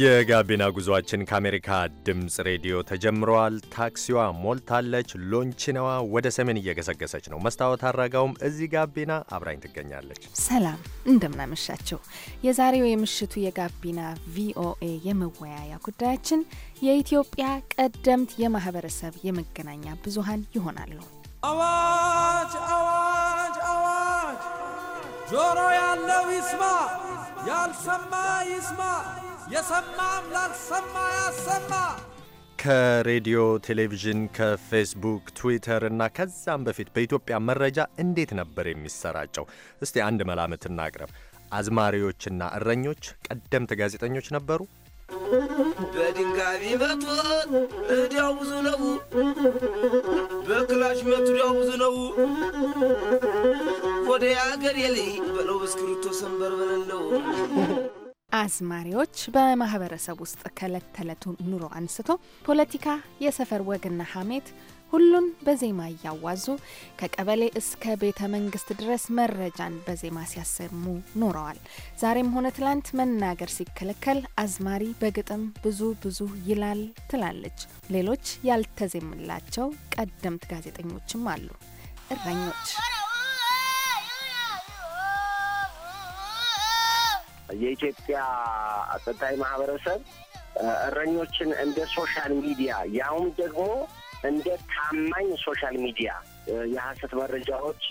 የጋቢና ጉዞአችን ከአሜሪካ ድምፅ ሬዲዮ ተጀምረዋል። ታክሲዋ ሞልታለች። ሎንችነዋ ወደ ሰሜን እየገሰገሰች ነው። መስታወት አረጋውም እዚህ ጋቢና አብራኝ ትገኛለች። ሰላም እንደምናመሻቸው። የዛሬው የምሽቱ የጋቢና ቪኦኤ የመወያያ ጉዳያችን የኢትዮጵያ ቀደምት የማህበረሰብ የመገናኛ ብዙሃን ይሆናሉ። አዋጅ አዋጅ አዋጅ! ጆሮ ያለው ይስማ ያልሰማ ይስማ፣ የሰማም ላልሰማ ያሰማ። ከሬዲዮ፣ ቴሌቪዥን፣ ከፌስቡክ፣ ትዊተር እና ከዛም በፊት በኢትዮጵያ መረጃ እንዴት ነበር የሚሰራጨው? እስቲ አንድ መላምት እናቅረብ። አዝማሪዎችና እረኞች ቀደምት ጋዜጠኞች ነበሩ? በድንጋይ መቱት እዲያው ብዙ ነው፣ በክላሽ መቱ እዲያው ብዙ ነው። ወደ አገር የለ በለው በእስክሪብቶ ሰንበር በለለው። አዝማሪዎች በማህበረሰብ ውስጥ ከዕለት ተዕለቱ ኑሮ አንስቶ ፖለቲካ፣ የሰፈር ወግና ሀሜት ሁሉን በዜማ እያዋዙ ከቀበሌ እስከ ቤተ መንግስት ድረስ መረጃን በዜማ ሲያሰሙ ኖረዋል። ዛሬም ሆነ ትላንት መናገር ሲከለከል አዝማሪ በግጥም ብዙ ብዙ ይላል ትላለች። ሌሎች ያልተዜምላቸው ቀደምት ጋዜጠኞችም አሉ። እረኞች የኢትዮጵያ ጥንታዊ ማህበረሰብ እረኞችን እንደ ሶሻል ሚዲያ ያውም ደግሞ እንደ ታማኝ ሶሻል ሚዲያ የሀሰት መረጃዎች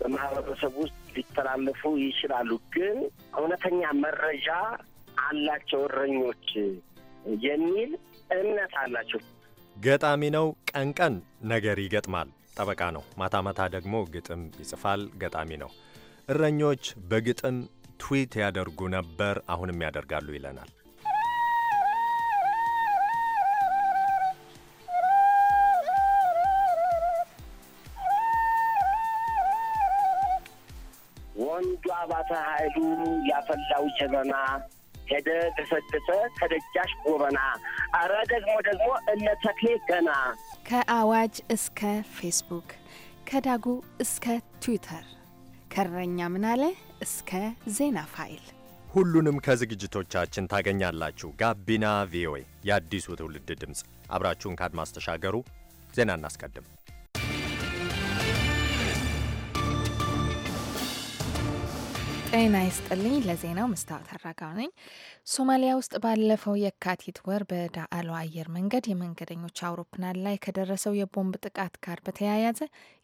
በማህበረሰብ ውስጥ ሊተላለፉ ይችላሉ። ግን እውነተኛ መረጃ አላቸው እረኞች የሚል እምነት አላቸው። ገጣሚ ነው። ቀን ቀን ነገር ይገጥማል። ጠበቃ ነው። ማታ ማታ ደግሞ ግጥም ይጽፋል። ገጣሚ ነው። እረኞች በግጥም ትዊት ያደርጉ ነበር፣ አሁንም ያደርጋሉ ይለናል። ሀይሉ ያፈላው ጀበና ሄደ ገሰገሰ ከደጃሽ ጎበና አረ ደግሞ ደግሞ እነ ተክሌ ገና ከአዋጅ እስከ ፌስቡክ ከዳጉ እስከ ትዊተር ከረኛ ምናለ እስከ ዜና ፋይል ሁሉንም ከዝግጅቶቻችን ታገኛላችሁ። ጋቢና ቪኦኤ የአዲሱ ትውልድ ድምፅ። አብራችሁን ካድማስ ተሻገሩ። ዜና እናስቀድም። ጤና ይስጥልኝ። ለዜናው መስታወት አራጋው ነኝ። ሶማሊያ ውስጥ ባለፈው የካቲት ወር በዳአሎ አየር መንገድ የመንገደኞች አውሮፕላን ላይ ከደረሰው የቦምብ ጥቃት ጋር በተያያዘ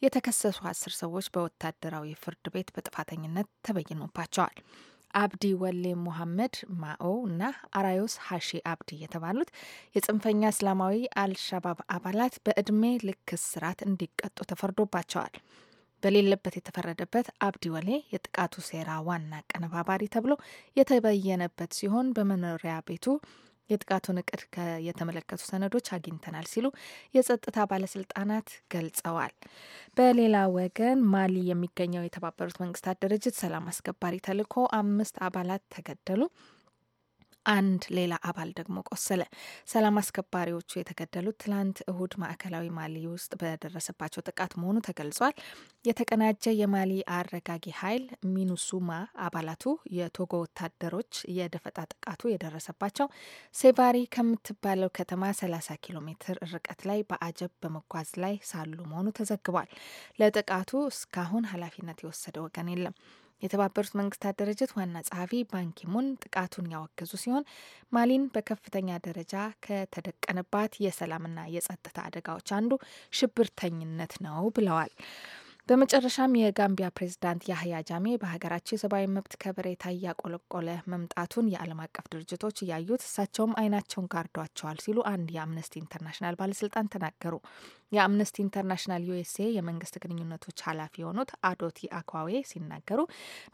የተከሰሱ አስር ሰዎች በወታደራዊ ፍርድ ቤት በጥፋተኝነት ተበይኖባቸዋል። አብዲ ወሌ ሙሐመድ ማኦ እና አራዮስ ሀሺ አብዲ የተባሉት የጽንፈኛ እስላማዊ አልሻባብ አባላት በእድሜ ልክ እስራት እንዲቀጡ ተፈርዶባቸዋል። በሌለበት የተፈረደበት አብዲ ወሌ የጥቃቱ ሴራ ዋና አቀነባባሪ ተብሎ የተበየነበት ሲሆን በመኖሪያ ቤቱ የጥቃቱን እቅድ የተመለከቱ ሰነዶች አግኝተናል ሲሉ የጸጥታ ባለስልጣናት ገልጸዋል። በሌላ ወገን ማሊ የሚገኘው የተባበሩት መንግስታት ድርጅት ሰላም አስከባሪ ተልዕኮ አምስት አባላት ተገደሉ። አንድ ሌላ አባል ደግሞ ቆሰለ። ሰላም አስከባሪዎቹ የተገደሉት ትላንት እሁድ ማዕከላዊ ማሊ ውስጥ በደረሰባቸው ጥቃት መሆኑ ተገልጿል። የተቀናጀ የማሊ አረጋጊ ኃይል ሚኑሱማ አባላቱ የቶጎ ወታደሮች የደፈጣ ጥቃቱ የደረሰባቸው ሴቫሪ ከምትባለው ከተማ 30 ኪሎ ሜትር ርቀት ላይ በአጀብ በመጓዝ ላይ ሳሉ መሆኑ ተዘግቧል። ለጥቃቱ እስካሁን ኃላፊነት የወሰደ ወገን የለም። የተባበሩት መንግስታት ድርጅት ዋና ጸሐፊ ባንኪሙን ጥቃቱን ያወገዙ ሲሆን ማሊን በከፍተኛ ደረጃ ከተደቀነባት የሰላምና የጸጥታ አደጋዎች አንዱ ሽብርተኝነት ነው ብለዋል። በመጨረሻም የጋምቢያ ፕሬዚዳንት ያህያ ጃሜ በሀገራቸው የሰብአዊ መብት ከበሬታ እያቆለቆለ መምጣቱን የዓለም አቀፍ ድርጅቶች እያዩት እሳቸውም አይናቸውን ጋርዷቸዋል ሲሉ አንድ የአምነስቲ ኢንተርናሽናል ባለስልጣን ተናገሩ። የአምነስቲ ኢንተርናሽናል ዩኤስኤ የመንግስት ግንኙነቶች ኃላፊ የሆኑት አዶቲ አኳዌ ሲናገሩ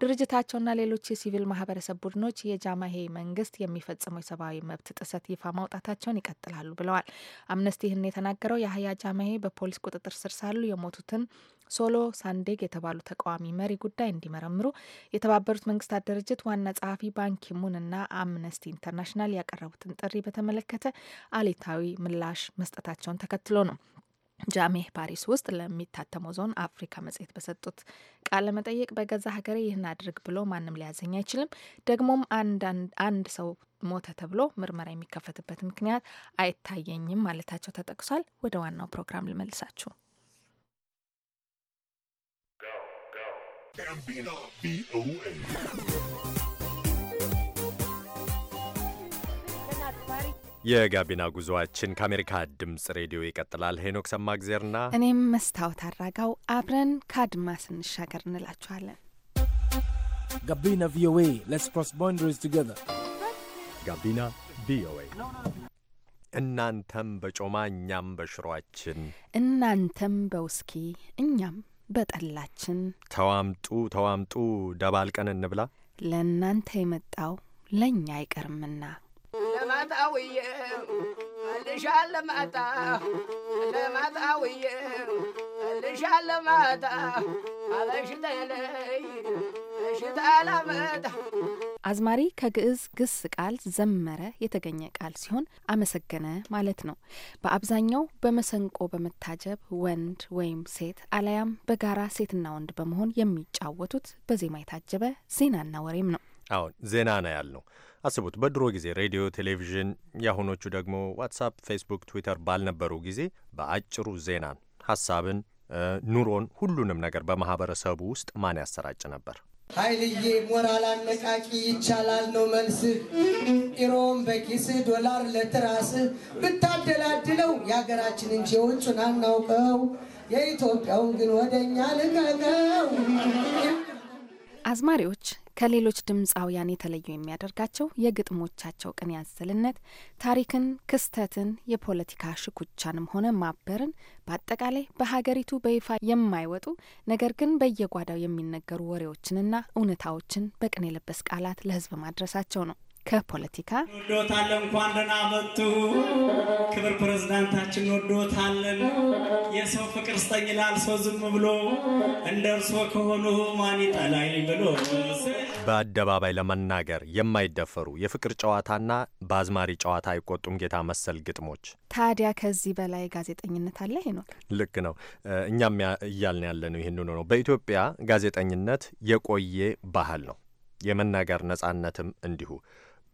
ድርጅታቸውና ሌሎች የሲቪል ማህበረሰብ ቡድኖች የጃማሄ መንግስት የሚፈጽመው የሰብአዊ መብት ጥሰት ይፋ ማውጣታቸውን ይቀጥላሉ ብለዋል። አምነስቲ ይህን የተናገረው የአህያ ጃማሄ በፖሊስ ቁጥጥር ስር ሳሉ የሞቱትን ሶሎ ሳንዴግ የተባሉ ተቃዋሚ መሪ ጉዳይ እንዲመረምሩ የተባበሩት መንግስታት ድርጅት ዋና ጸሐፊ ባንኪሙን እና አምነስቲ ኢንተርናሽናል ያቀረቡትን ጥሪ በተመለከተ አሌታዊ ምላሽ መስጠታቸውን ተከትሎ ነው። ጃሜህ ፓሪስ ውስጥ ለሚታተመው ዞን አፍሪካ መጽሔት በሰጡት ቃለ መጠይቅ በገዛ ሀገሬ ይህን አድርግ ብሎ ማንም ሊያዘኝ አይችልም፣ ደግሞም አንድ ሰው ሞተ ተብሎ ምርመራ የሚከፈትበት ምክንያት አይታየኝም ማለታቸው ተጠቅሷል። ወደ ዋናው ፕሮግራም ልመልሳችሁ። የጋቢና ጉዞአችን ከአሜሪካ ድምፅ ሬዲዮ ይቀጥላል። ሄኖክ ሰማግዜርና እኔም መስታወት አራጋው አብረን ከአድማ ስንሻገር እንላችኋለን። ጋቢና ቪኦኤ ሌትስ ክሮስ ቦንደሪስ ቱጌዘር። ጋቢና ቪኦኤ እናንተም በጮማ እኛም በሽሯችን እናንተም በውስኪ እኛም በጠላችን ተዋምጡ ተዋምጡ ደባልቀን እንብላ ለእናንተ የመጣው ለእኛ አይቀርምና ለማጣውየ ልሻ ለማጣ ለማጣውየ ልሻ ለማጣ አበሽተለይ አዝማሪ ከግዕዝ ግስ ቃል ዘመረ የተገኘ ቃል ሲሆን አመሰገነ ማለት ነው። በአብዛኛው በመሰንቆ በመታጀብ ወንድ ወይም ሴት አለያም በጋራ ሴትና ወንድ በመሆን የሚጫወቱት በዜማ የታጀበ ዜናና ወሬም ነው። አሁን ዜና ነው ያልነው። አስቡት፣ በድሮ ጊዜ ሬዲዮ፣ ቴሌቪዥን፣ የአሁኖቹ ደግሞ ዋትሳፕ፣ ፌስቡክ፣ ትዊተር ባልነበሩ ጊዜ በአጭሩ ዜናን፣ ሀሳብን፣ ኑሮን፣ ሁሉንም ነገር በማህበረሰቡ ውስጥ ማን ያሰራጭ ነበር? ኃይልዬ ሞራል አነቃቂ ይቻላል ነው መልስ። ኢሮም በኪስ ዶላር ለትራስ ብታደላድለው የሀገራችንን እንጂ የውጩን አናውቀው፣ የኢትዮጵያውን ግን ወደኛ ልቀቀው። አዝማሪዎች ከሌሎች ድምፃውያን የተለዩ የሚያደርጋቸው የግጥሞቻቸው ቅን ያዘልነት ታሪክን፣ ክስተትን፣ የፖለቲካ ሽኩቻንም ሆነ ማበርን በአጠቃላይ በሀገሪቱ በይፋ የማይወጡ ነገር ግን በየጓዳው የሚነገሩ ወሬዎችንና እውነታዎችን በቅን የለበስ ቃላት ለሕዝብ ማድረሳቸው ነው። ከፖለቲካ እንወዶታለን። እንኳን ደህና መጡ። ክብር ፕሬዝዳንታችን እንወዶታለን። የሰው ፍቅር ስጠኝ ይላል ሰው ዝም ብሎ እንደ እርሶ ከሆኑ ማን ይጠላኝ ብሎ። በአደባባይ ለመናገር የማይደፈሩ የፍቅር ጨዋታና በአዝማሪ ጨዋታ አይቆጡም ጌታ መሰል ግጥሞች። ታዲያ ከዚህ በላይ ጋዜጠኝነት አለ ሄኖክ? ልክ ነው። እኛም እያልን ያለ ነው ይህንኑ ነው። በኢትዮጵያ ጋዜጠኝነት የቆየ ባህል ነው። የመናገር ነጻነትም እንዲሁ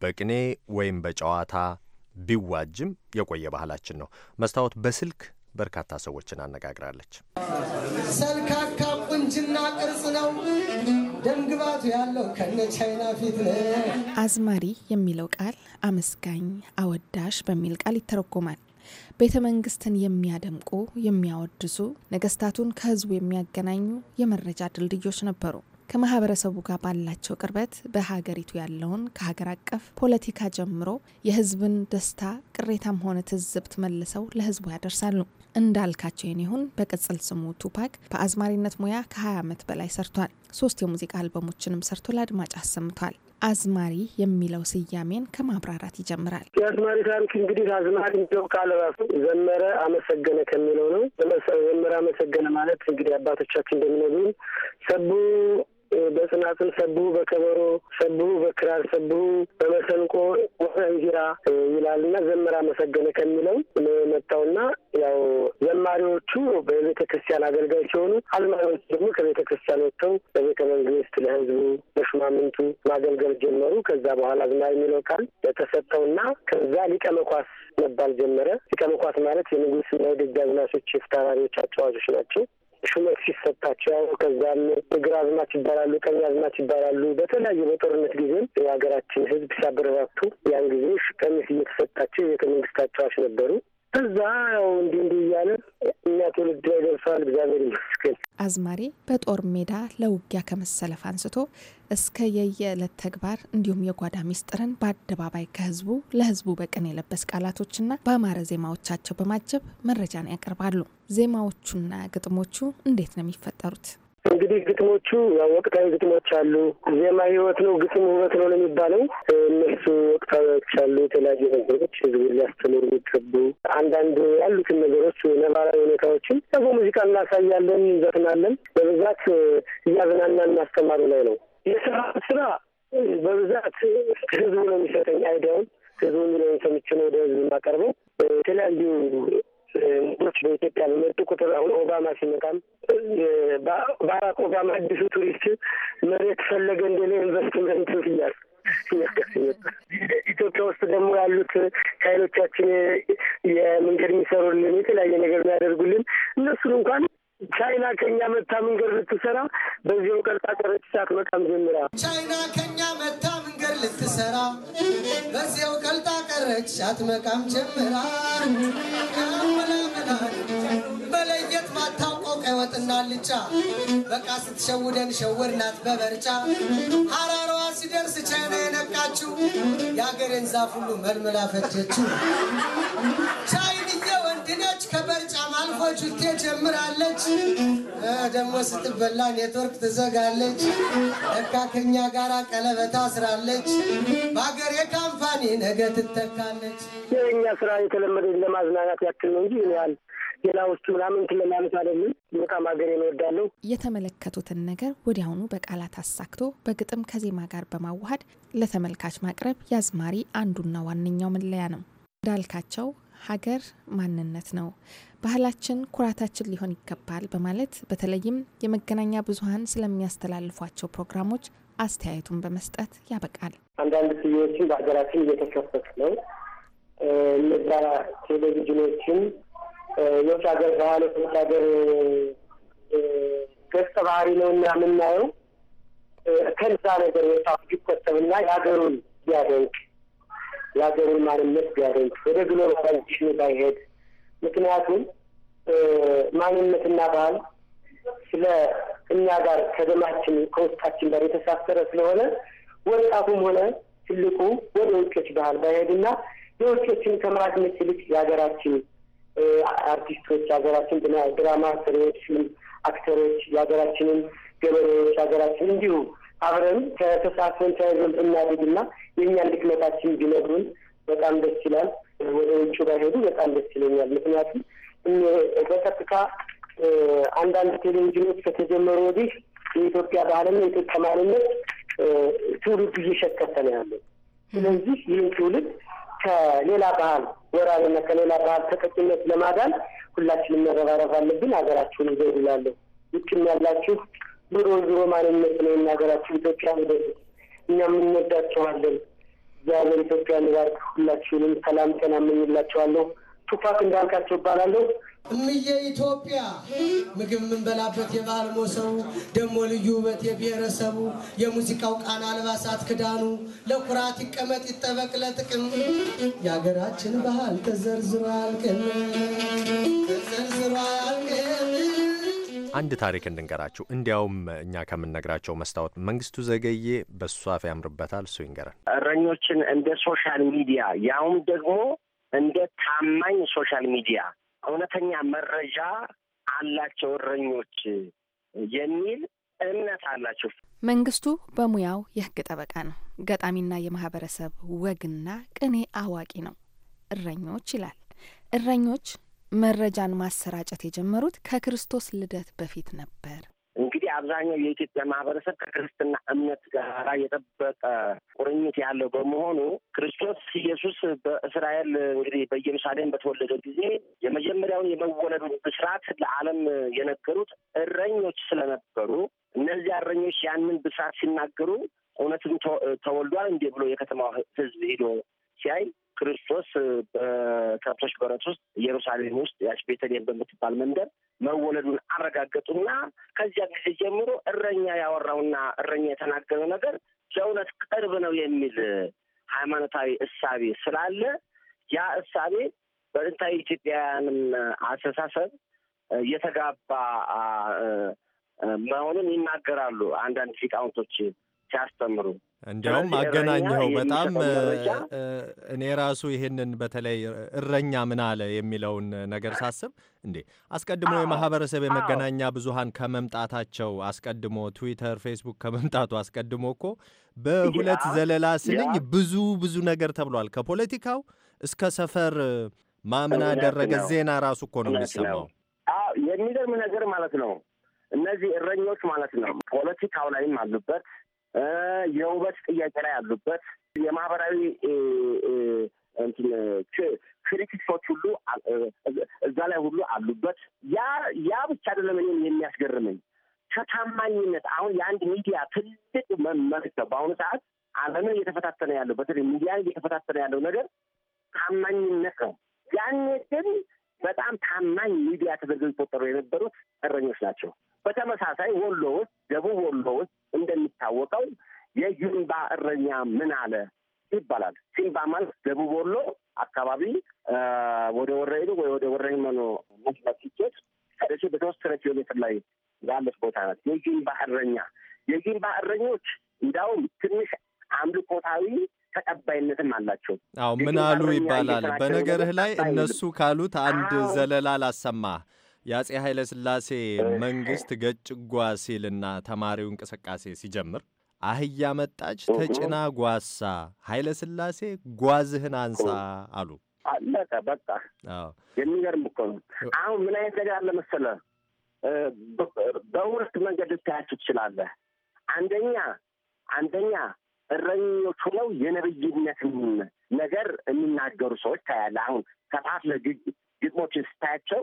በቅኔ ወይም በጨዋታ ቢዋጅም የቆየ ባህላችን ነው። መስታወት በስልክ በርካታ ሰዎችን አነጋግራለች። ሰልካካ ቁንጅና ቅርጽ ነው ደምግባቱ ያለው ከነ ቻይና ፊት አዝማሪ የሚለው ቃል አመስጋኝ፣ አወዳሽ በሚል ቃል ይተረጎማል። ቤተ መንግስትን የሚያደምቁ የሚያወድሱ ነገስታቱን ከህዝቡ የሚያገናኙ የመረጃ ድልድዮች ነበሩ። ከማህበረሰቡ ጋር ባላቸው ቅርበት በሀገሪቱ ያለውን ከሀገር አቀፍ ፖለቲካ ጀምሮ የህዝብን ደስታ ቅሬታም ሆነ ትዝብት መልሰው ለህዝቡ ያደርሳሉ። እንዳልካቸው የኔሁን በቅጽል ስሙ ቱፓክ በአዝማሪነት ሙያ ከ20 ዓመት በላይ ሰርቷል። ሶስት የሙዚቃ አልበሞችንም ሰርቶ ለአድማጭ አሰምቷል። አዝማሪ የሚለው ስያሜን ከማብራራት ይጀምራል። የአዝማሪ ታሪክ እንግዲህ አዝማሪ የሚለው ቃል ራሱ ዘመረ አመሰገነ ከሚለው ነው። ዘመረ አመሰገነ ማለት እንግዲህ አባቶቻችን እንደሚነግሩን ሰቡ በጽናትን ሰብሁ በከበሮ ሰብሁ በክራር ሰብሁ በመሰንቆ ወዘንዚራ ይላል እና ዘመራ መሰገነ ከሚለው መጣውና ያው ዘማሪዎቹ በቤተ ክርስቲያን አገልጋይ ሲሆኑ አዝማሪዎቹ ደግሞ ከቤተ ክርስቲያን ወጥተው በቤተ መንግስት ለህዝቡ ለሹማምንቱ ማገልገል ጀመሩ። ከዛ በኋላ አዝማሪ የሚለው ቃል ተሰጠውና ከዛ ሊቀ መኳስ መባል ጀመረ። ሊቀ መኳስ ማለት የንጉሥና የደጃዝማቾች የፍታባሪዎች አጫዋቾች ናቸው። ሹመት ሲሰጣቸው ከዛም አዝማች ይባላሉ፣ አዝማች ይባላሉ። በተለያዩ በጦርነት ጊዜም የሀገራችን ሕዝብ ሲያበረታቱ ያን ጊዜ ቀሚስ እየተሰጣቸው የቤተ መንግስታቸው ነበሩ። እዛ ያው እንዲህ እንዲህ እያለ እኛ ትውልድ ላይ ደርሷል። እግዚአብሔር ይመስገን። አዝማሪ በጦር ሜዳ ለውጊያ ከመሰለፍ አንስቶ እስከ የየዕለት ተግባር እንዲሁም የጓዳ ሚስጥርን በአደባባይ ከህዝቡ ለህዝቡ በቀን የለበስ ቃላቶችና በአማረ ዜማዎቻቸው በማጀብ መረጃን ያቀርባሉ። ዜማዎቹና ግጥሞቹ እንዴት ነው የሚፈጠሩት? እንግዲህ ግጥሞቹ ያው ወቅታዊ ግጥሞች አሉ። ዜማ ህይወት ነው፣ ግጥም ውበት ነው የሚባለው። እነሱ ወቅታዊዎች አሉ። የተለያዩ ነገሮች ህዝቡ ሊያስተምሩ የሚገቡ አንዳንድ ያሉትን ነገሮች ነባራዊ ሁኔታዎችን ደግሞ ሙዚቃ እናሳያለን፣ እንዘፍናለን። በብዛት እያዝናና እናስተማሩ ላይ ነው የስራ ስራ በብዛት ህዝቡ ነው የሚሰጠኝ አይዲያውን ህዝቡ የሚለውን ሰምቼ ነው ወደ ህዝብ የማቀርበው። የተለያዩ እንግዶች በኢትዮጵያ በመጡ ቁጥር አሁን ኦባማ ሲመጣም ባራክ ኦባማ አዲሱ ቱሪስት መሬት ፈለገ እንደሌ ኢንቨስትመንት ብያል ኢትዮጵያ ውስጥ ደግሞ ያሉት ኃይሎቻችን የመንገድ የሚሰሩልን የተለያየ ነገር የሚያደርጉልን እነሱን እንኳን ቻይና ከኛ መታ መንገድ ብትሰራ በዚህ ቀርጻ ቀረች ሰዓት መቃም ጀምራ ቻይና ከኛ መታ ልትሰራ በዚያው ቀልጣ ቀረች አትመቃም ጀምራ ያመላምላ በለየት ማታውቀው ቀይ ወጥና ልጫ በቃ ስትሸውደን ሸወድናት በበርጫ ሀራሯ ሲደርስ ቻይና የነቃችው የአገሬን ዛፍ ሁሉ መልመላ ፈጀችው ቻይንዬ ነች። ከበርጫም አልፎ ቹቴ ጀምራለች። ደግሞ ስትበላ ኔትወርክ ትዘጋለች። ለካ ከኛ ጋራ ቀለበታ ስራለች። በሀገር ካምፓኒ ነገ ትተካለች። የእኛ ስራ የተለመደ ለማዝናናት ያክል ነው እንጂ ያል ሌላ ውስጥ ምናምን እንትን ለማለት አይደለም። በጣም ሀገር እንወዳለሁ። የተመለከቱትን ነገር ወዲያውኑ በቃላት አሳክቶ በግጥም ከዜማ ጋር በማዋሃድ ለተመልካች ማቅረብ የአዝማሪ አንዱና ዋነኛው መለያ ነው። እንዳልካቸው ሀገር ማንነት ነው፣ ባህላችን ኩራታችን ሊሆን ይገባል በማለት በተለይም የመገናኛ ብዙኃን ስለሚያስተላልፏቸው ፕሮግራሞች አስተያየቱን በመስጠት ያበቃል። አንዳንድ ቲቪዎችን በሀገራችን እየተከፈቱ ነው። እነዛ ቴሌቪዥኖችን የውጭ ሀገር ባህል የውጭ ሀገር ገጸ ባህሪ ነው እና የምናየው ከዛ ነገር ወጣቱ ቢቆጠብና የሀገሩን ቢያደንቅ የሀገሩን ማንነት ቢያገኝ ወደ ግሎባላይዜሽኑ ባይሄድ። ምክንያቱም ማንነትና ባህል ስለ እኛ ጋር ከደማችን ከውስጣችን ጋር የተሳሰረ ስለሆነ ወጣቱም ሆነ ትልቁ ወደ ውጮች ባህል ባይሄድና የውጮችን ከማድመጥ ይልቅ የሀገራችን አርቲስቶች፣ የሀገራችን ድራማ ሰሪዎች፣ አክተሮች፣ የሀገራችንን ገበሬዎች፣ ሀገራችን እንዲሁ አብረን ከተሳሰን ተያይዘን እናድግና የእኛን ድክመታችን ቢነግሩን በጣም ደስ ይላል። ወደ ውጭ ባይሄዱ በጣም ደስ ይለኛል። ምክንያቱም በቀጥታ አንዳንድ ቴሌቪዥኖች ከተጀመሩ ወዲህ የኢትዮጵያ ባህልና የኢትዮጵያ ማንነት ትውልድ እየሸከፈ ነው ያለው። ስለዚህ ይህን ትውልድ ከሌላ ባህል ወራሪነት ከሌላ ባህል ተጠቂነት ለማዳን ሁላችንም መረባረብ አለብን። ሀገራችሁን ይዘው ይላለሁ። ውጭም ያላችሁ ዞሮ ዞሮ ማንነት ነው የሀገራችን ኢትዮጵያ ወደ እኛም እንወዳቸዋለን። እግዚአብሔር ኢትዮጵያ ንባርክ። ሁላችሁንም ሰላም ጤና እመኝላቸዋለሁ። ቱፋክ እንዳልካቸው ይባላለሁ። እምዬ ኢትዮጵያ ምግብ የምንበላበት የባህል ሞሰቡ ደግሞ ልዩ ውበት የብሔረሰቡ የሙዚቃው ቃና አልባሳት ክዳኑ ለኩራት ይቀመጥ ይጠበቅ ለጥቅም የሀገራችን ባህል ተዘርዝሮ አያልቅም ተዘርዝሮ አያልቅም። አንድ ታሪክ እንድንገራችሁ። እንዲያውም እኛ ከምንነግራቸው መስታወት መንግስቱ ዘገዬ በሱ አፍ ያምርበታል። እሱ ይንገራል። እረኞችን እንደ ሶሻል ሚዲያ ያውም ደግሞ እንደ ታማኝ ሶሻል ሚዲያ እውነተኛ መረጃ አላቸው እረኞች የሚል እምነት አላቸው። መንግስቱ በሙያው የህግ ጠበቃ ነው። ገጣሚና የማህበረሰብ ወግና ቅኔ አዋቂ ነው። እረኞች ይላል። እረኞች መረጃን ማሰራጨት የጀመሩት ከክርስቶስ ልደት በፊት ነበር። እንግዲህ አብዛኛው የኢትዮጵያ ማህበረሰብ ከክርስትና እምነት ጋር የጠበቀ ቁርኝት ያለው በመሆኑ ክርስቶስ ኢየሱስ በእስራኤል እንግዲህ በኢየሩሳሌም በተወለደ ጊዜ የመጀመሪያውን የመወለዱን ብስራት ለዓለም የነገሩት እረኞች ስለነበሩ እነዚህ እረኞች ያንን ብስራት ሲናገሩ እውነትም ተወልዷል እንዲህ ብሎ የከተማው ሕዝብ ሄዶ ሲያይ ክርስቶስ በከብቶች በረት ውስጥ ኢየሩሳሌም ውስጥ ያች ቤተልሔም በምትባል መንደር መወለዱን አረጋገጡና ከዚያ ጊዜ ጀምሮ እረኛ ያወራውና እረኛ የተናገረው ነገር ለእውነት ቅርብ ነው የሚል ሃይማኖታዊ እሳቤ ስላለ ያ እሳቤ በጥንታዊ ኢትዮጵያውያንም አስተሳሰብ የተጋባ መሆኑን ይናገራሉ አንዳንድ ሊቃውንቶች ሲያስተምሩ እንዲያውም አገናኘኸው። በጣም እኔ ራሱ ይህንን በተለይ እረኛ ምን አለ የሚለውን ነገር ሳስብ እንዴ አስቀድሞ የማህበረሰብ የመገናኛ ብዙሃን ከመምጣታቸው አስቀድሞ ትዊተር፣ ፌስቡክ ከመምጣቱ አስቀድሞ እኮ በሁለት ዘለላ ስንኝ ብዙ ብዙ ነገር ተብሏል። ከፖለቲካው እስከ ሰፈር ማምን አደረገ ዜና ራሱ እኮ ነው የሚሰማው። የሚገርም ነገር ማለት ነው። እነዚህ እረኞች ማለት ነው ፖለቲካው ላይም አሉበት የውበት ጥያቄ ላይ ያሉበት የማህበራዊ ክሪቲክሶች ሁሉ እዛ ላይ ሁሉ አሉበት። ያ ያ ብቻ አይደለም። እኔም የሚያስገርመኝ ከታማኝነት አሁን የአንድ ሚዲያ ትልቅ መመልክ በአሁኑ ሰዓት ዓለምን እየተፈታተነ ያለው በተለይ ሚዲያን እየተፈታተነ ያለው ነገር ታማኝነት ነው። ያኔ ግን በጣም ታማኝ ሚዲያ ተደርገው ይቆጠሩ የነበሩት እረኞች ናቸው። በተመሳሳይ ወሎ ውስጥ ደቡብ ወሎ ውስጥ እንደሚታወቀው የጅንባ እረኛ ምን አለ ይባላል። ሲምባ ማለት ደቡብ ወሎ አካባቢ ወደ ወረኢሉ ወይ ወደ መኖ መስመር ሲኬድ ከደሴ በተወሰነ ኪሎ ሜትር ላይ ያለች ቦታ ናት። የጅንባ እረኛ የጅንባ እረኞች እንዲያውም ትንሽ አምልኮታዊ ተቀባይነትም አላቸው። አዎ ምን አሉ ይባላል። በነገርህ ላይ እነሱ ካሉት አንድ ዘለላ ላሰማ የአጼ ኃይለ ስላሴ መንግስት ገጭ ጓሲልና ተማሪው እንቅስቃሴ ሲጀምር አህያ መጣች ተጭና ጓሳ፣ ኃይለ ስላሴ ጓዝህን አንሳ አሉ። አለቀ በቃ። የሚገርም እኮ ነው። አሁን ምን አይነት ነገር አለ መሰለ፣ በሁለት መንገድ ልታያቸው ትችላለህ። አንደኛ አንደኛ እረኞች ሆነው የነብይነትን ነገር የሚናገሩ ሰዎች ታያለህ። አሁን ከጣፍ ለግጥሞችን ስታያቸው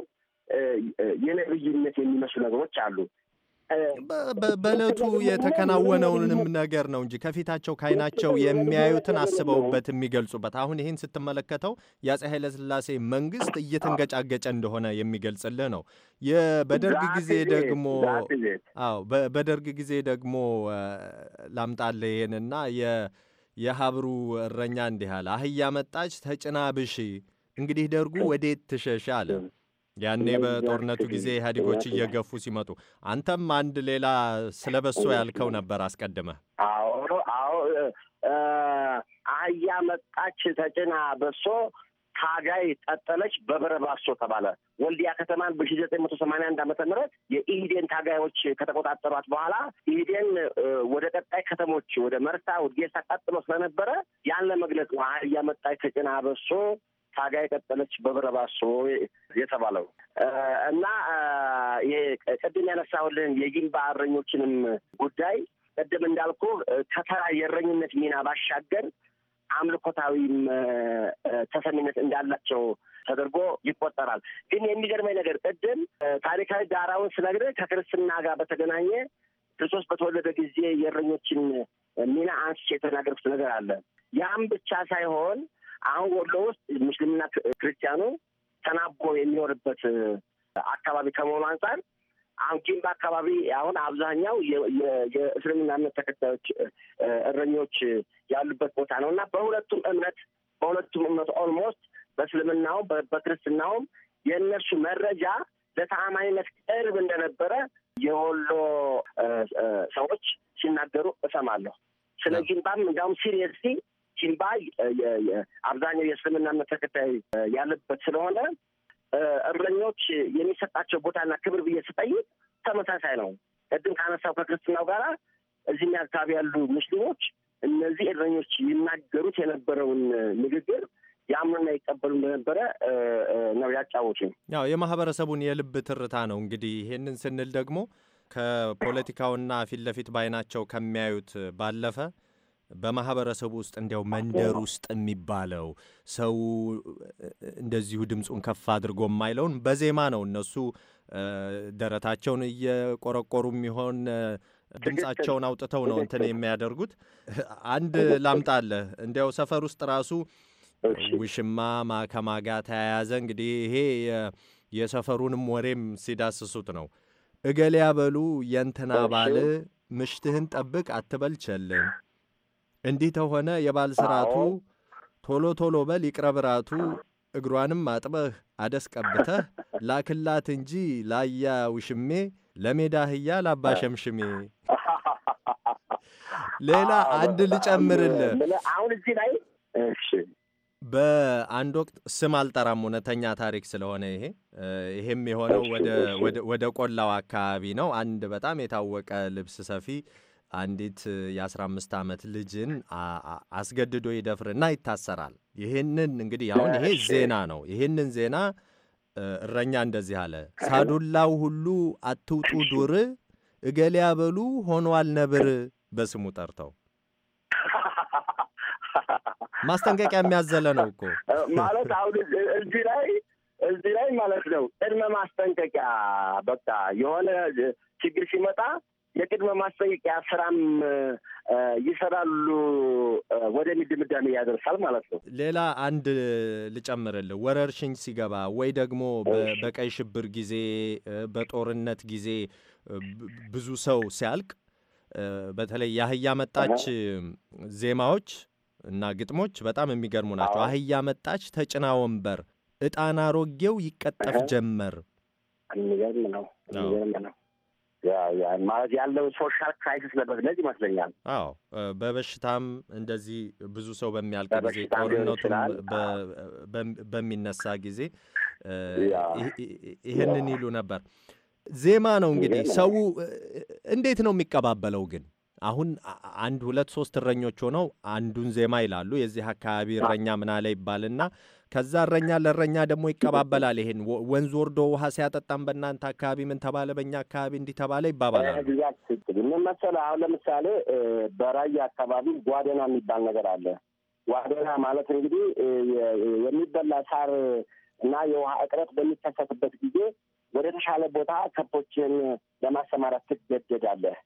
የነብይነት የሚመስሉ ነገሮች አሉ። በእለቱ የተከናወነውንም ነገር ነው እንጂ ከፊታቸው ከዓይናቸው የሚያዩትን አስበውበት የሚገልጹበት። አሁን ይህን ስትመለከተው የአጼ ኃይለስላሴ መንግስት እየተንገጫገጨ እንደሆነ የሚገልጽልህ ነው። በደርግ ጊዜ ደግሞ አዎ፣ በደርግ ጊዜ ደግሞ ላምጣልህ ይሄንና የሀብሩ እረኛ እንዲህ አለ፣ አህያ መጣች ተጭናብሺ፣ እንግዲህ ደርጉ ወዴት ትሸሽ አለ ያኔ በጦርነቱ ጊዜ ኢህአዴጎች እየገፉ ሲመጡ አንተም አንድ ሌላ ስለ በሶ ያልከው ነበር አስቀድመ አዎ አዎ፣ አህያ መጣች ተጭና በሶ ታጋይ ጠጠለች በበረ ባሶ ተባለ። ወልዲያ ከተማን በሺ ዘጠኝ መቶ ሰማንያ አንድ ዓመተ ምህረት የኢህዴን ታጋዮች ከተቆጣጠሯት በኋላ ኢህዴን ወደ ቀጣይ ከተሞች ወደ መርሳ፣ ውዴሳ ቀጥሎ ስለነበረ ያን ለመግለጽ አህያ መጣች ተጭና በሶ ታጋ የቀጠለች በብረባሶ የተባለው እና ይሄ ቅድም ያነሳሁልን የጊምባ እረኞችንም ጉዳይ ቅድም እንዳልኩ ከተራ የእረኝነት ሚና ባሻገር አምልኮታዊም ተሰሚነት እንዳላቸው ተደርጎ ይቆጠራል። ግን የሚገርመኝ ነገር ቅድም ታሪካዊ ዳራውን ስነግር ከክርስትና ጋር በተገናኘ ክርስቶስ በተወለደ ጊዜ የእረኞችን ሚና አንስቼ የተናገርኩት ነገር አለ። ያም ብቻ ሳይሆን አሁን ወሎ ውስጥ ሙስሊምና ክርስቲያኑ ተናቦ የሚኖርበት አካባቢ ከመሆኑ አንጻር አሁን ኪምባ አካባቢ አሁን አብዛኛው የእስልምና እምነት ተከታዮች እረኞች ያሉበት ቦታ ነው እና በሁለቱም እምነት በሁለቱም እምነት ኦልሞስት በእስልምናውም በክርስትናውም የእነሱ መረጃ ለተአማኝነት ቅርብ እንደነበረ የወሎ ሰዎች ሲናገሩ እሰማለሁ። ስለ ጊምባም እንዲያውም ሲሪየስሊ ቲምባይ አብዛኛው የእስልምና እምነት ተከታይ ያለበት ስለሆነ እረኞች የሚሰጣቸው ቦታና ክብር ብዬ ስጠይቅ ተመሳሳይ ነው። ቅድም ካነሳው ከክርስትናው ጋር እዚህ አካባቢ ያሉ ሙስሊሞች እነዚህ እረኞች ይናገሩት የነበረውን ንግግር ያምኑና ይቀበሉ እንደነበረ ነው ያጫወቱኝ። ያው የማህበረሰቡን የልብ ትርታ ነው። እንግዲህ ይሄንን ስንል ደግሞ ከፖለቲካውና ፊት ለፊት ባይናቸው ከሚያዩት ባለፈ በማህበረሰቡ ውስጥ እንዲያው መንደር ውስጥ የሚባለው ሰው እንደዚሁ ድምፁን ከፍ አድርጎ የማይለውን በዜማ ነው እነሱ ደረታቸውን እየቆረቆሩ የሚሆን ድምፃቸውን አውጥተው ነው እንትን የሚያደርጉት። አንድ ላምጣ አለ እንዲያው ሰፈር ውስጥ ራሱ ውሽማ ከማጋ ተያያዘ። እንግዲህ ይሄ የሰፈሩንም ወሬም ሲዳስሱት ነው። እገሌ ያበሉ የእንትና ባል ምሽትህን ጠብቅ አትበልቸልን እንዲህ ተሆነ የባል ስራቱ ቶሎ ቶሎ በል ይቅረብራቱ እግሯንም አጥበህ አደስ ቀብተህ ላክላት እንጂ ላያ ውሽሜ ለሜዳ አህያ ላባሸምሽሜ። ሌላ አንድ ልጨምርልህ። አሁን እዚህ ላይ በአንድ ወቅት ስም አልጠራም፣ እውነተኛ ታሪክ ስለሆነ ይሄ ይሄም የሆነው ወደ ቆላው አካባቢ ነው። አንድ በጣም የታወቀ ልብስ ሰፊ አንዲት የ15 ዓመት ልጅን አስገድዶ ይደፍርና ይታሰራል። ይህንን እንግዲህ አሁን ይሄ ዜና ነው። ይህንን ዜና እረኛ እንደዚህ አለ፣ ሳዱላው ሁሉ አትውጡ ዱር እገሌ ያበሉ ሆኗል ነብር በስሙ ጠርተው ማስጠንቀቂያ የሚያዘለ ነው እኮ ማለት አሁን እዚህ ላይ እዚህ ላይ ማለት ነው ቅድመ ማስጠንቀቂያ በቃ የሆነ ችግር ሲመጣ የቅድመ ማስጠየቂያ ስራም ይሰራሉ ወደሚል ድምዳሜ ያደርሳል ማለት ነው። ሌላ አንድ ልጨምርልህ። ወረርሽኝ ሲገባ ወይ ደግሞ በቀይ ሽብር ጊዜ፣ በጦርነት ጊዜ ብዙ ሰው ሲያልቅ በተለይ የአህያ መጣች ዜማዎች እና ግጥሞች በጣም የሚገርሙ ናቸው። አህያ መጣች ተጭና ወንበር፣ ዕጣን አሮጌው ይቀጠፍ ጀመር። የሚገርም ነው። የሚገርም ነው። ማለት ያለው ሶሻል ክራይሲስ ለመግለጽ ይመስለኛል። አዎ በበሽታም እንደዚህ ብዙ ሰው በሚያልቅ ጊዜ ጦርነቱ በሚነሳ ጊዜ ይህንን ይሉ ነበር። ዜማ ነው እንግዲህ ሰው እንዴት ነው የሚቀባበለው ግን አሁን አንድ ሁለት ሶስት እረኞች ሆነው አንዱን ዜማ ይላሉ። የዚህ አካባቢ እረኛ ምናለ ይባልና ከዛ እረኛ ለእረኛ ደግሞ ይቀባበላል። ይሄን ወንዝ ወርዶ ውሃ ሲያጠጣም በእናንተ አካባቢ ምን ተባለ፣ በእኛ አካባቢ እንዲህ ተባለ ይባባላል። ምን መሰለህ፣ አሁን ለምሳሌ በራያ አካባቢ ጓደና የሚባል ነገር አለ። ጓደና ማለት እንግዲህ የሚበላ ሳር እና የውሃ እጥረት በሚከሰትበት ጊዜ ወደ ተሻለ ቦታ ከብቶችን ለማሰማራት ትገደዳለህ።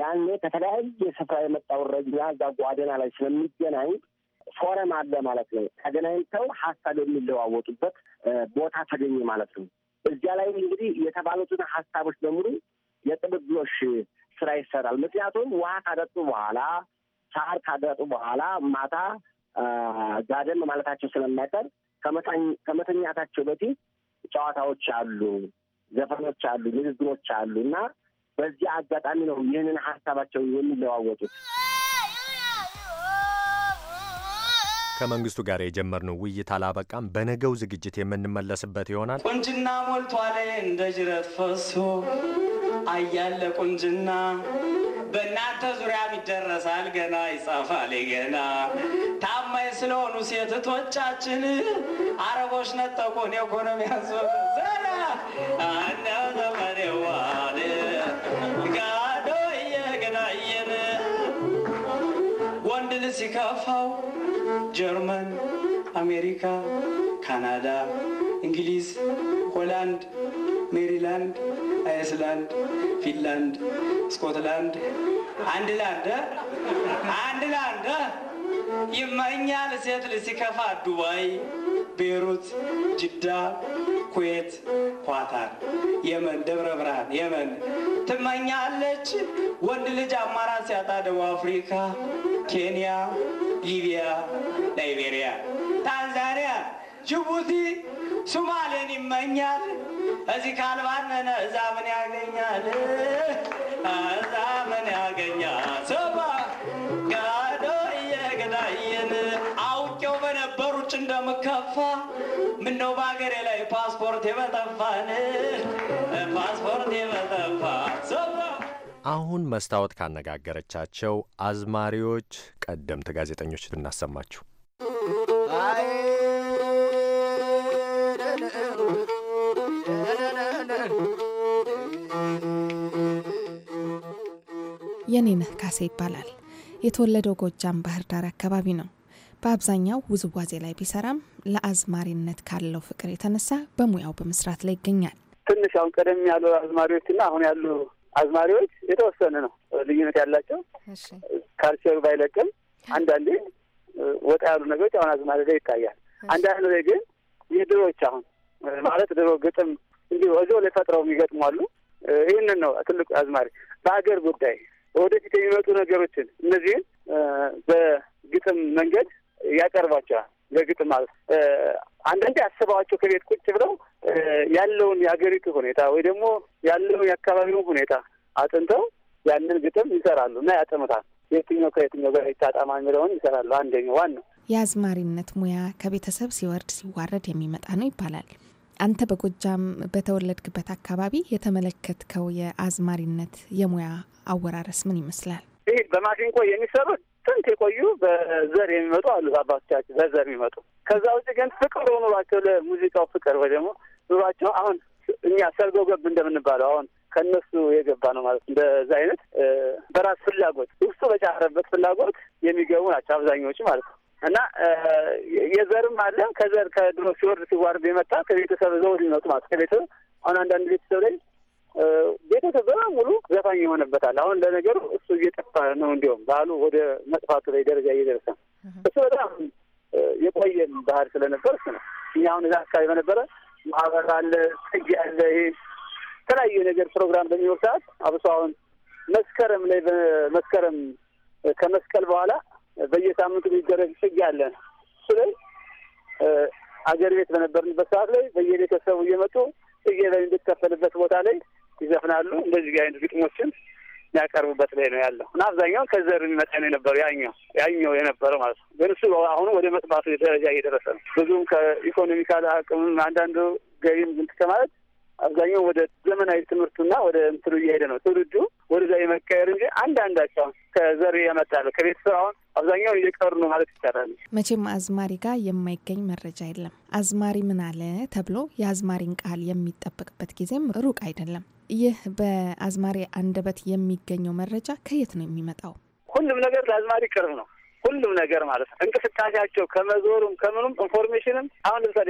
ያኔ ከተለያየ ስፍራ የመጣው ረኛ እዛ ጓደና ላይ ስለሚገናኝ ፎረም አለ ማለት ነው። ተገናኝተው ሀሳብ የሚለዋወጡበት ቦታ ተገኘ ማለት ነው። እዚያ ላይ እንግዲህ የተባሉትን ሀሳቦች በሙሉ የጥብብሎሽ ስራ ይሰራል። ምክንያቱም ውሃ ካጠጡ በኋላ ሳር ካጠጡ በኋላ ማታ ጋደም ማለታቸው ስለማይቀር ከመተኛታቸው በፊት ጨዋታዎች አሉ፣ ዘፈኖች አሉ፣ ንግግሮች አሉ እና በዚህ አጋጣሚ ነው ይህንን ሀሳባቸው የሚለዋወጡት። ከመንግስቱ ጋር የጀመርነው ውይይት አላበቃም። በነገው ዝግጅት የምንመለስበት ይሆናል። ቁንጅና ሞልቷል እንደ ጅረት ፈሶ አያለ ቁንጅና በእናንተ ዙሪያም ይደረሳል ገና ይጻፋል ገና ታማኝ ስለሆኑ ሴት አረቦች ነጠቁን የኢኮኖሚ ያዞ ዘና ፋፋው ጀርመን፣ አሜሪካ፣ ካናዳ፣ እንግሊዝ፣ ሆላንድ፣ ሜሪላንድ፣ አይስላንድ፣ ፊንላንድ፣ ስኮትላንድ አንድ ላንድ አንድ ላንድ ይመኛል ሴት ልጅ ሲከፋ ዱባይ ቤሩት፣ ጅዳ፣ ኩዌት፣ ኳታር፣ የመን፣ ደብረ ብርሃን የመን ትመኛለች። ወንድ ልጅ አማራጭ ሲያጣ ደቡብ አፍሪካ፣ ኬንያ፣ ሊቢያ፣ ላይቤሪያ፣ ታንዛኒያ፣ ጅቡቲ፣ ሱማሌን ይመኛል። እዚህ ካልባነነ እዛ ምን ያገኛል? እዛ ምን ያገኛል? ተለያየን አውቄው በነበሩ በሀገሬ ላይ ፓስፖርት የበጠፋን ፓስፖርት የበጠፋ አሁን መስታወት ካነጋገረቻቸው አዝማሪዎች ቀደምት ጋዜጠኞች ልናሰማችሁ። የኔነህ ካሴ ይባላል። የተወለደው ጎጃም ባህር ዳር አካባቢ ነው። በአብዛኛው ውዝዋዜ ላይ ቢሰራም ለአዝማሪነት ካለው ፍቅር የተነሳ በሙያው በመስራት ላይ ይገኛል። ትንሽ አሁን ቀደም ያሉ አዝማሪዎችና አሁን ያሉ አዝማሪዎች የተወሰነ ነው ልዩነት ያላቸው ካልቸሩ ባይለቅም አንዳንዴ ወጣ ያሉ ነገሮች አሁን አዝማሪ ላይ ይታያል። አንዳንድ ላይ ግን ድሮች አሁን ማለት ድሮ ግጥም እንዲሁ እዚያው ላይ ፈጥረው የሚገጥሟሉ። ይህንን ነው ትልቁ አዝማሪ በሀገር ጉዳይ ወደፊት የሚመጡ ነገሮችን እነዚህን በግጥም መንገድ ያቀርባቸዋል። በግጥም ማለት አንዳንዴ አስበዋቸው ከቤት ቁጭ ብለው ያለውን የሀገሪቱ ሁኔታ ወይ ደግሞ ያለውን የአካባቢውን ሁኔታ አጥንተው ያንን ግጥም ይሰራሉ እና ያጠኑታል። የትኛው ከየትኛው ጋር ይታጣማ የሚለውን ይሰራሉ። አንደኛው ዋናው የአዝማሪነት ሙያ ከቤተሰብ ሲወርድ ሲዋረድ የሚመጣ ነው ይባላል። አንተ በጎጃም በተወለድክበት አካባቢ የተመለከትከው የአዝማሪነት የሙያ አወራረስ ምን ይመስላል? ይህ በማሲንቆ የሚሰሩት ጥንት የቆዩ በዘር የሚመጡ አሉ አባቶቻችን በዘር የሚመጡ ከዛ ውጭ ግን ፍቅር ኑሯቸው ለሙዚቃው ፍቅር ወይ ደግሞ ኑሯቸው አሁን እኛ ሰርጎ ገብ እንደምንባለው አሁን ከእነሱ የገባ ነው ማለት እንደዛ አይነት በራስ ፍላጎት ውስጡ በጫረበት ፍላጎት የሚገቡ ናቸው አብዛኛዎቹ ማለት ነው። እና የዘርም አለ ከዘር ከድሮ ሲወርድ ሲዋርድ የመጣ ከቤተሰብ ዘውድ ይመጡ ማለት ከቤተሰብ አሁን አንዳንድ ቤተሰብ ላይ ቤተሰብ በሙሉ ዘፋኝ የሆነበታል። አሁን ለነገሩ እሱ እየጠፋ ነው። እንዲሁም ባህሉ ወደ መጥፋቱ ላይ ደረጃ እየደረሰ ነው። እሱ በጣም የቆየን ባህል ስለነበር እሱ ነው። እኛ አሁን እዛ አካባቢ በነበረ ማህበር አለ፣ ጥጅ አለ፣ ይሄ የተለያዩ ነገር ፕሮግራም በሚኖር ሰዓት አብሶ አሁን መስከረም ላይ በመስከረም ከመስቀል በኋላ በየሳምንቱ ሊደረግ ችግ ያለን እሱ ላይ አገር ቤት በነበርንበት ሰዓት ላይ በየቤተሰቡ እየመጡ ጥዬ ላይ እንድትከፈልበት ቦታ ላይ ይዘፍናሉ። እንደዚህ አይነት ግጥሞችን የሚያቀርቡበት ላይ ነው ያለው እና አብዛኛውን ከዘር የሚመጣ ነው የነበረው ያኛው ያኛው የነበረው ማለት ነው። ግን እሱ አሁኑ ወደ መጥባቱ ደረጃ እየደረሰ ነው። ብዙም ከኢኮኖሚካል አቅምም አንዳንዱ ገቢም እንትን ከማለት አብዛኛው ወደ ዘመናዊ ትምህርቱና ወደ እንትኑ እየሄደ ነው። ትውልዱ ወደዛ የመቀየር እንጂ አንዳንዳቸው ከዘር ያመጣል ከቤት ስራውን አብዛኛው እየቀሩ ነው ማለት ይቻላል። መቼም አዝማሪ ጋር የማይገኝ መረጃ የለም። አዝማሪ ምን አለ ተብሎ የአዝማሪን ቃል የሚጠበቅበት ጊዜም ሩቅ አይደለም። ይህ በአዝማሪ አንደበት የሚገኘው መረጃ ከየት ነው የሚመጣው? ሁሉም ነገር ለአዝማሪ ቅርብ ነው። ሁሉም ነገር ማለት ነው። እንቅስቃሴያቸው ከመዞሩም ከምኑም ኢንፎርሜሽንም አሁን ለምሳሌ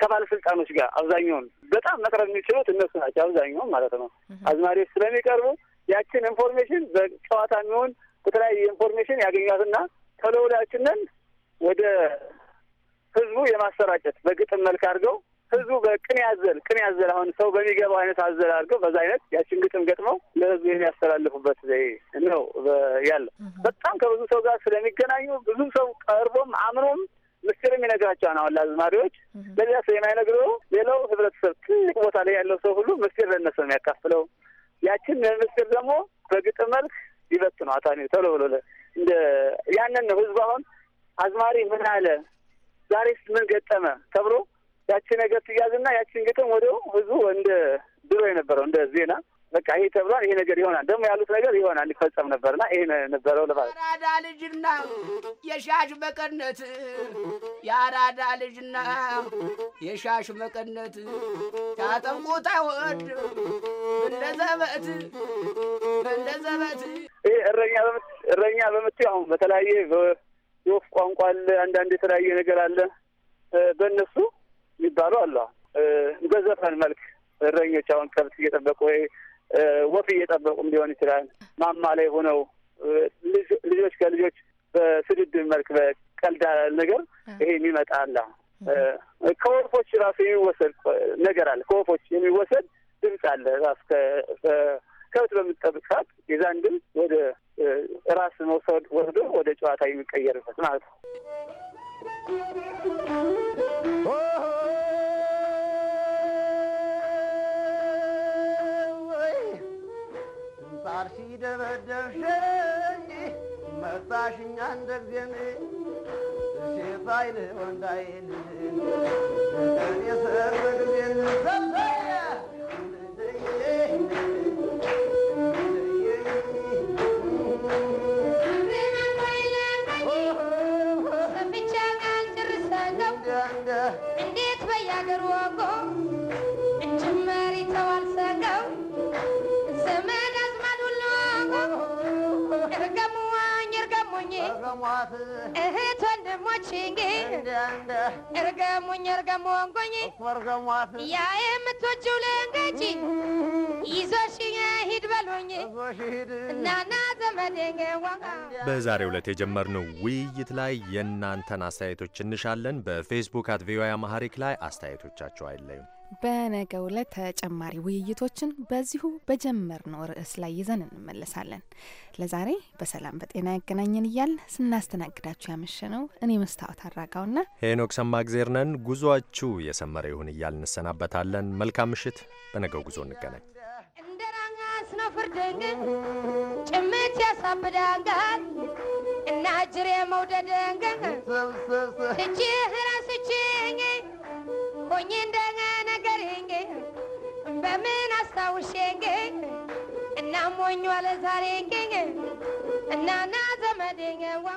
ከባለስልጣኖች ጋር አብዛኛውን በጣም መቅረብ የሚችሉት እነሱ ናቸው። አብዛኛውን ማለት ነው አዝማሪዎች ስለሚቀርቡ ያችን ኢንፎርሜሽን በጨዋታ የሚሆን በተለያየ ኢንፎርሜሽን ያገኛትና ተለውላችንን ወደ ህዝቡ የማሰራጨት በግጥም መልክ አድርገው ህዝቡ በቅን ያዘል ቅን ያዘል አሁን ሰው በሚገባው አይነት አዘል አድርገው በዛ አይነት ያችን ግጥም ገጥመው ለህዝቡ የሚያስተላልፉበት ነው ያለው። በጣም ከብዙ ሰው ጋር ስለሚገናኙ ብዙ ሰው ቀርቦም አምኖም ምስክር የሚነግራቸው ነው። አሁን ለአዝማሪዎች ለዚያ ሰው የማይነግረው ሌላው ህብረተሰብ ትልቅ ቦታ ላይ ያለው ሰው ሁሉ ምስክር ለነሱ ነው የሚያካፍለው። ያችን ምስክር ደግሞ በግጥም መልክ ይበት ነው አታኒ ተብሎ ብሎ እንደ ያንን ነው ህዝብ አሁን አዝማሪ ምን አለ ዛሬስ ምን ገጠመ ተብሎ ያቺ ነገር ትያዝና ያችን ግጥም ወዲያው ህዝቡ እንደ ድሮ የነበረው እንደ ዜና በቃ ይሄ ተብሏል፣ ይሄ ነገር ይሆናል፣ ደግሞ ያሉት ነገር ይሆናል፣ ይፈጸም ነበርና ይሄ ነበረው ለማለት የአራዳ ልጅና የሻሽ መቀነት የአራዳ ልጅና የሻሽ መቀነት ታጠቦታ ወድ እንደ ዘበት እንደ ዘበት ይሄ እረኛ እረኛ በምት አሁን በተለያየ የወፍ ቋንቋ አለ፣ አንዳንድ የተለያየ ነገር አለ። በእነሱ የሚባሉ አለ በዘፈን መልክ እረኞች አሁን ከብት እየጠበቁ ወይ ወፍ እየጠበቁም ሊሆን ይችላል። ማማ ላይ ሆነው ልጆች ከልጆች በስድድብ መልክ በቀልዳ ነገር ይሄ የሚመጣ አለ። ከወፎች ራሱ የሚወሰድ ነገር አለ። ከወፎች የሚወሰድ ድምፅ አለ። ራሱ ከብት በምትጠብቅ ሰዓት የዛን ድምፅ ወደ ራስ መውሰድ ወስዶ ወደ ጨዋታ የሚቀየርበት ማለት ነው። አርሲ ደበደብሽኝ መታሽኝ አንድ ጊዜም ሴት አይል ወንድ አይል የሰርብ ጊዜን ሰብሰየ እንዴት በያገር ወጎ በሟት እህት ወንድሞች እርገሙኝ እርገሟት ያ የምትወጂው ሂድ በሉኝ እናና ዘመዴ በዛሬው ዕለት የጀመርነው ውይይት ላይ የእናንተን አስተያየቶች እንሻለን። በፌስቡክ አት ቪኦኤ ላይ አስተያየቶቻቸው አይለዩም። በነገው ዕለት ተጨማሪ ውይይቶችን በዚሁ በጀመርነው ርዕስ ላይ ይዘን እንመለሳለን። ለዛሬ በሰላም በጤና ያገናኘን እያል ስናስተናግዳችሁ ያመሸነው እኔ መስታወት አራጋውና ሄኖክ ሰማ ነን። ጉዟችሁ የሰመረ ይሁን እያል እንሰናበታለን። መልካም ምሽት። በነገው ጉዞ እንገናኝ። እንደራኛስ ነው ፍርድን ጭምት ያሳብዳንጋል እና ጅሬ ሆኜ እንደኛ ነገሬን በምን አስታውሼን እናም ሞኟለ ዛሬን እናና ዘመዴን ዋ